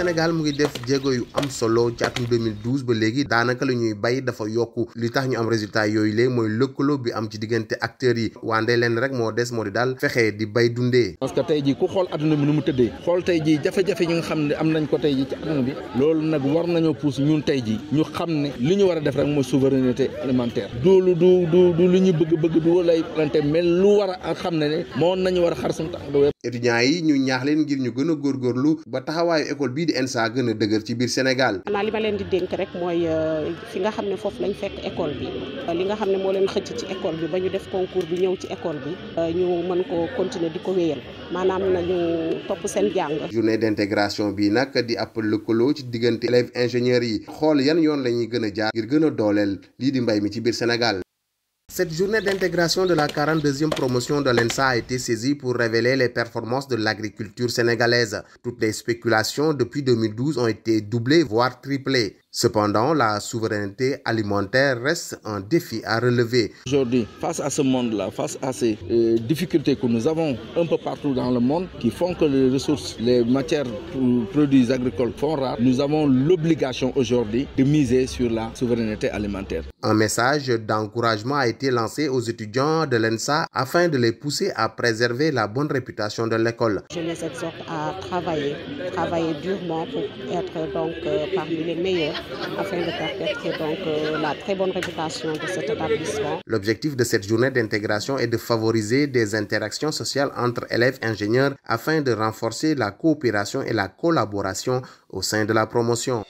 Sénégal mu ngi def jéego yu am solo ci atum 2012 ba léegi daanaka la ñuy bay dafa yokku li tax ñu am résultat yooyu léegi mooy lëkkaloo bi am ci diggante acteurs yi waande leen rek moo des moo di daal fexe di bay dundee. parce que tey jii ku xool adduna bi nu mu tëddee xool tey jii jafe-jafe yi nga xam ne am nañ ko tey jii ci adduna bi loolu nag war nañoo pousse ñun tey jii ñu xam ne li ñu war a def rek mooy souveraineté alimentaire du lu du du lu ñu bëgg bëgg du wala ay planté lu war a xam ne ne moo nañu war a xar suñu tànk étudiants yi ñu ñaax leen ngir ñu gën a góorgóorlu di ENSA gën a dëgër ci biir Sénégal. xanaa li ma leen di dénk rek mooy euh, fi nga xam ne foofu lañ fekk école bi euh, li nga xam ne moo leen xëcc ci école bi ba ñu def concours bi ñëw ci école bi euh, ñu mën ko continuer di ko wéyal maanaam nañu topp seen jàng. journée d'intégration bi nag di ab lëkkaloo ci diggante élèves ingénieurs yi xool yan yoon la ñuy gën a jaar ngir gën a dooleel lii di mbay mi ci biir Sénégal. Cette journée d'intégration de la 42e promotion de l'ENSA a été saisie pour révéler les performances de l'agriculture sénégalaise. Toutes les spéculations depuis 2012 ont été doublées, voire triplées. Cependant, la souveraineté alimentaire reste un défi à relever. Aujourd'hui, face à ce monde-là, face à ces euh, difficultés que nous avons un peu partout dans le monde, qui font que les ressources, les matières, les produits agricoles font rare, nous avons l'obligation aujourd'hui de miser sur la souveraineté alimentaire. Un message d'encouragement a été lancé aux étudiants de l'ENSA afin de les pousser à préserver la bonne réputation de l'école. Je les exhorte à travailler, travailler durement pour être donc euh, parmi les meilleurs afin de euh, la très bonne réputation de cet établissement. L'objectif de cette journée d'intégration est de favoriser des interactions sociales entre élèves ingénieurs afin de renforcer la coopération et la collaboration au sein de la promotion.